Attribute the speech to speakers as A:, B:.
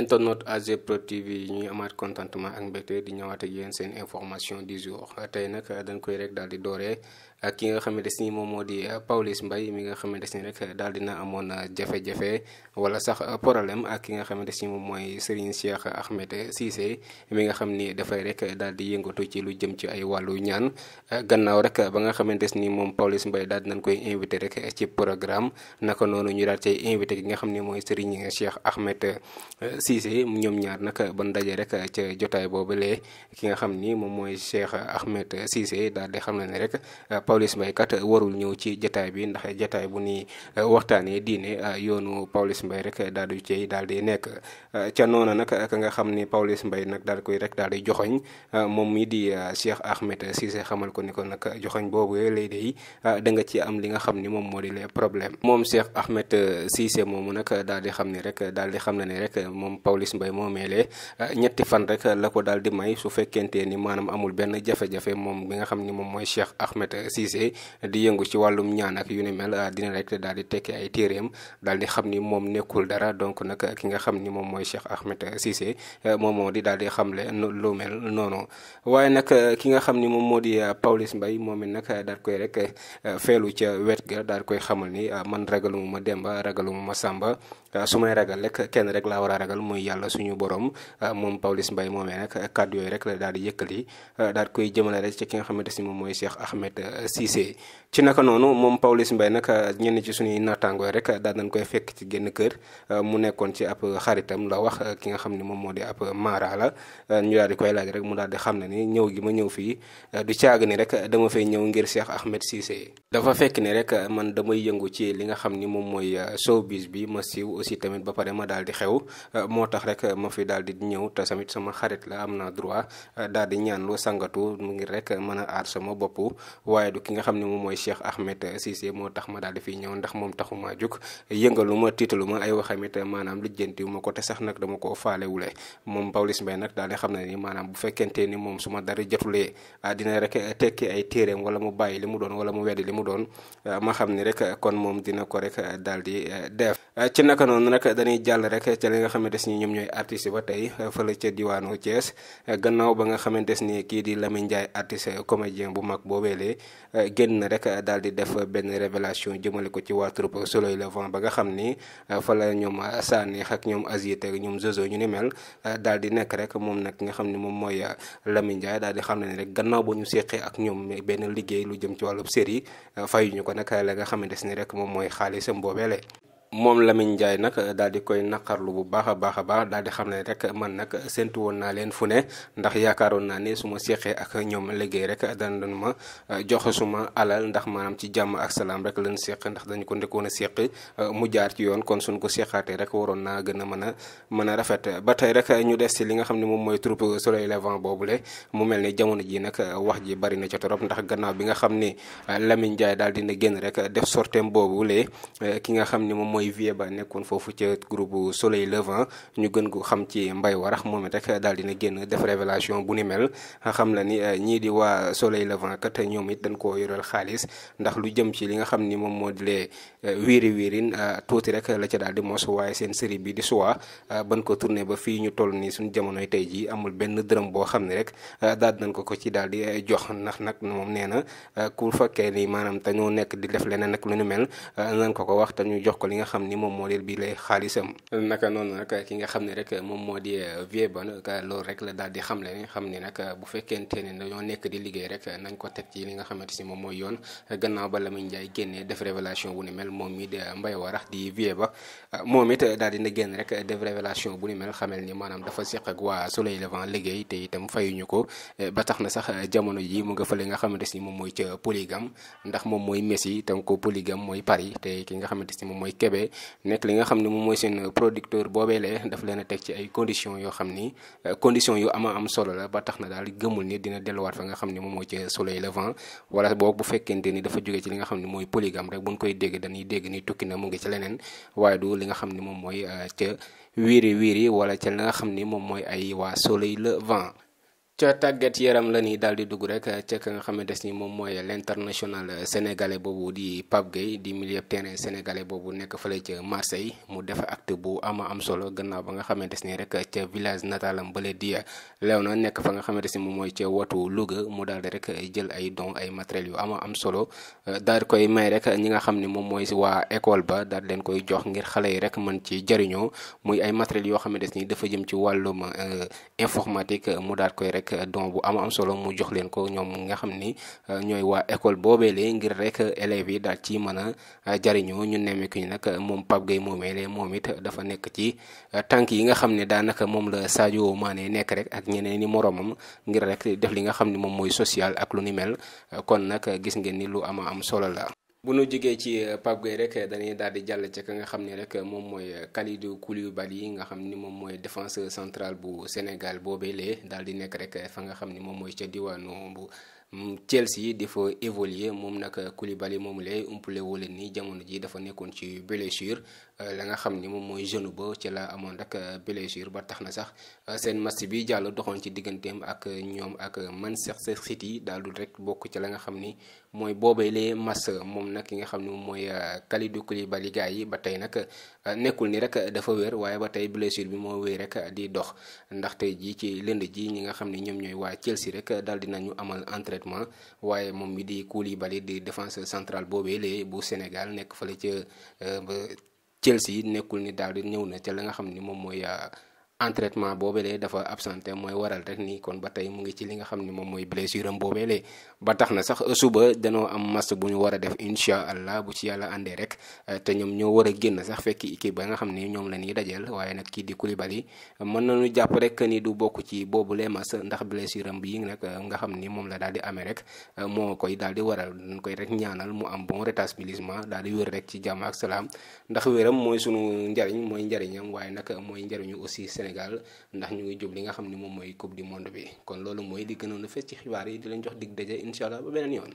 A: internet AG PROD yi ñuy amaat contentement ak mbégte di ñëwaat ak yéen seen information du jour tey nag dañ koy rek daal di doore ak ki nga xamante ni moom moo di euh, Pawlish Mbaye mi nga xamante ni rek daal dina amoon euh, jafe wala sax euh, problème ak ki nga xamante ni moom mooy Serigne Cheikh Ahmed Cissé mi nga xam ni dafay rek daal di yëngatu ci lu jëm ci ay wàllu ñaan gannaaw rek ba nga xamante ni moom Pawlish Mbaye daal dinañ koy invité rek ci programme naka noonu ñu daal cay invité ki nga xam ni mooy Serigne Cheikh Ahmed Cissé ñoom ñaar nag ban daje rek ca jotaay boobu lee ki nga xam ni moom mooy Cheikh Ahmed Cissé daal di xam na ne rek. Pawlish Mbaye kat eh, warul ñëw ci jataay bi ndax jataay bu ni eh, waxtaanee diine eh, yoonu Pawlish mbay rek daal di cay daal di nekk ca noona nag ka nga xam ni Pawlish Mbaye nag daal koy rek daal di joxoñ moom mi di Cheikh Ahmed Cissé xamal ko ni ko nag joxoñ boobu lay day da nga ci am li nga xam ni moom moo di le problème moom Cheikh Ahmed Cissé moomu nag daal di xam ni rek daal di xam na ni rek moom Pawlish Mbaye moo meelee ñetti fan rek la ko daal di may su fekkente ni maanaam amul benn jafe-jafe moom bi nga xam ni moom mooy Cheikh Ahmed Cissé di yëngu ci wàllum ñaan ak yu ni mel ah, dina rek daal di tekki ay téeréem daal di xam ni moom nekkul dara donc nag ki nga xam ni moom mooy Cheikh Ahmed Cissé ah, moom moo di daal di xamle lu mel noonu waaye nag ah, ki nga xam ni moom moo di Pawlish Mbaye moom it nag daal koy rek feelu ca wet ga daal koy xamal ni man ragaluma ma Demba ragaluma ma Samba su may ragal rek kenn rek laa war a ragal muy yàlla suñu borom moom Pawlish mbay moomee nag kàddu yooyu rek daal di yëkkali daal koy jëmale rek ci ki nga xamante si moom mooy Cheikh Ahmed Cissé ci naka noonu moom Pawlish mbay nag ñenn ci suñuy naataangooy rek daal nañ koy fekk ci génn kër euh, mu nekkoon ci ab xaritam la wax euh, ki nga xam ne moom moo di ab maara la euh, ñu daal di laaj rek mu daal di xam ne ni ñëw gi ma ñëw fii du caag ni rek dama fay ñëw ngir Cheikh Ahmed Cissé. dafa fekk ni rek man damay yëngu ci li nga xam ni moom mooy showbiz bi ma siiw aussi tamit ba pare ma daal di xew moo tax rek ma fi daal di ñëw te samit sama xarit la am na droit daal di ñaan lu sangatu mu ngir rek mën a aat sama bopp waaye ki nga xam ne moom mooy Cheikh Ahmed Cissé moo tax ma daal di fiy ñëw ndax moom taxumaa jóg yëngaluma tiitaluma ay waxamit maanaam lijjantiwuma ko te sax nag dama ko faalewule moom Pawlish Mbaye nag daal di xam ne nii maanaam bu fekkente ni moom suma ma dara jotulee ah, dina rek tekki ay téeréem wala mu bàyyi li mu doon wala mu weddi li mu doon ah, ma xam ni rek kon moom dina ko rek daal di eh, def ah, ci naka noonu nag dañuy jàll rek ca li nga xamante ni ñoom ñooy artiste ba tey eh, fële ca diwaanu Thiès eh, gannaaw ba nga xamante ni kii di Lamine Ndiaye artiste comédien bu mag boobeelee Euh, génn na rek euh, daal di def benn révélation jëmale ko ci waa troupe Soleil Levant ba nga xam ni euh, fala la ñoom Sané ak ñoom Aziz ak ñoom Zozo ñu ni mel daal di nekk rek moom nag nga xam ne moom mooy Lamine Ndiaye daal di xam ne rek gannaaw ba ñu seqee ak ñoom benn liggéey lu jëm ci wàllub série fayuñu ko nag la nga xam ne des ni rek moom mooy xaalisam boobeele moom Lamine Ndiaye nag daal di koy naqarlu bu baax a baax a baax daal di xam ne rek man nag séntu woon naa leen fu ne ndax yaakaaroon naa ne su ma seqee ak ñoom liggéey rek daan doon ma euh, joxe suma alal ndax maanaam ci jàmm ak salaam rek lañ seq ndax dañu ko ndekkoon a seq euh, mu jaar ci yoon kon suñ ko seqaatee rek waroon naa gën a mën a mën a rafet ba tey rek ñu des ci li nga xam ne moom mooy troupe soleil boobu le mu mel ni jamono ji nag euh, wax ji bari na ca torop ndax gannaaw bi nga xam ni Lamine Ndiaye daal dina génn rek def sorteem boobu lee ki nga xam ni moom mooy Vieux Ba nekkoon foofu ca groupe xam ci Mbaye Warax moom it daal dina génn def révélation bu ni mel xam la ni eh, ñii di waa Soleil Levant kat ñoom it dañ koo yoreel xaalis ndax lu jëm ci li nga xam ni moom moo di lee eh, wiiri wiirin eh, tuuti rek la ca daal di mos waaye seen série bi di suwa ban ko tourné ba fii ñu toll nii suñ jamonoy tey jii amul benn dërëm boo xam ne rek daal nañ ko ko ci daal di jox nax nag moom nee na ku fekkee ni maanaam te ñoo nekk di def leneen ak lu ñu mel nañ ko ko wax te ñu jox ko li nga xam ni moom moo leen bi lay xaalisam naka noonu nag ki nga xam ne rek moom moo di euh, Vieux Bane loolu rek la daal di xam le xam ni nag euh, bu fekkente ne dañoo nekk di liggéey rek nañ ko teg ci li nga xamante si moom mooy yoon gannaaw ba Lamine Ndiaye génnee def révélation bu ni di Mbaye Warax di Vieux Ba euh, moom it daal dina ni mel xamel ni maanaam dafa seq ak waa Soleil Levant liggéey te ko ba tax na sax ji mu nga fële nga xamante si moom mooy ca polygame ndax moom mooy Messi itam ko polygame mooy Paris te ki nga xamante si moom mooy Kébé boobee nekk li nga xam ne moom mooy seen producteur boobee lee daf leen a teg ci ay conditions yoo xam ni euh, conditions yu ama am solo la ba tax na daal gëmul ni dina delluwaat fa nga xam ne moom mooy ci soleil levant wala boog bu fekkente ni dafa jóge ci li nga xam ne mooy polygame rek buñ koy dégg dañuy dégg ni tukki na mu ngi ci leneen waaye du li nga xam ne moom mooy euh, ca wiiri wiiri wala ca li nga xam ni moom mooy ay waa soleil levant ca tàggat yaram la ni daal di dugg rek ca nga xam ne des ni moom mooy l'international sénégalais boobu di Pape Gueye di milieu terrain sénégalais boobu nekk fële ca Marseille mu def acte bu ama am solo gannaaw ba nga xam ni rek ca village natalam bële di Léona nekk fa nga xam ni moom mooy ca watu Louga mu daal rek jël ay don ay matériels yu ama am solo daal di koy may rek ñi nga xam ni moom mooy waa école ba daal leen koy jox ngir xale yi rek mën ci jariñoo muy ay matériels yoo xam ne des ni dafa jëm ci wàllum euh, informatique mu daal koy rek rek don bu am am solo mu jox leen ko ñoom nga xam ni euh, ñooy waa école boobee lee ngir rek élèves yi daal ci mën a euh, jariñoo ñu nemmeeku ñu nag moom Pape Gueye moomee lee moom it dafa nekk ci euh, tànk yi nga xam ne daanaka moom la Sadio Mané nekk rek ak ñeneen i moromam ngir rek def li nga xam ni moom mooy sociale ak lu ni mel kon nag gis ngeen ni lu am am solo la bu nu jógee ci euh, Pape Gueye rek euh, dañuy daal di jàll ci ka nga xam ni rek euh, moom mooy Kalidou Koulibaly nga xam ni moom mooy défenseur centrale bu Sénégal boobee lee daal di nekk rek fa nga xam ni moom mooy ca diwaanu bu. Mm, Chelsea dafa évoluer moom nag Koulibaly moom lay umpale wala ni jamono ji dafa nekkoon ci blessure euh, la nga xam ni moom mooy genou ba ci la amoon rek euh, blessure ba tax na sax euh, seen match bi jàll doxoon ci digganteem ak ñoom ak Manchester City daal du rek bokk ci la nga xam ni mooy boobee lee match moom nag ki nga xam ni moom mooy Kalidou Koulibaly gars yi ba tey nag nekkul ni rek dafa wér waaye ba tey blessure bi moo wéy rek di dox ndaxte ji ci lënd ji ñi nga xam ne ñoom ñooy waa Chelsea rek daal dinañu amal entraînement concrètement waaye moom mi di Koulibaly di défenseur central boobu lee bu Sénégal nekk fa la ca euh, Chelsea nekkul ni daal di ñëw na ca la nga xam ni moom mooy euh, entraitement boobelee dafa absenté mooy waral rek nii kon ba tey mu ngi ci li nga xam ne moom mooy blessure am boobelee ba tax na sax suba danoo am match bu ñu war a def incha allah bu ci yàlla àndee rek te ñoom ñoo war a génn sax fekk équipe ba nga xam ne ñoom la ñuy dajal waaye nag kii di Koulibaly mën nañu jàpp rek ni du bokk ci boobu les match ndax blessure am bii nag nga xam ni moom la daal di amee rek moo koy daal di waral dañ koy rek ñaanal mu am bon daal di wér rek ci jàmm ak salaam ndax mooy sunu njariñ mooy njariñam waaye nag mooy njariñu aussi Sénégal ndax ñu ngi jub li nga xam ne moom mooy coupe du monde bi kon loolu mooy li gënoon a fës ci xibaar yi di leen jox dig daje incha allah ba beneen yoon.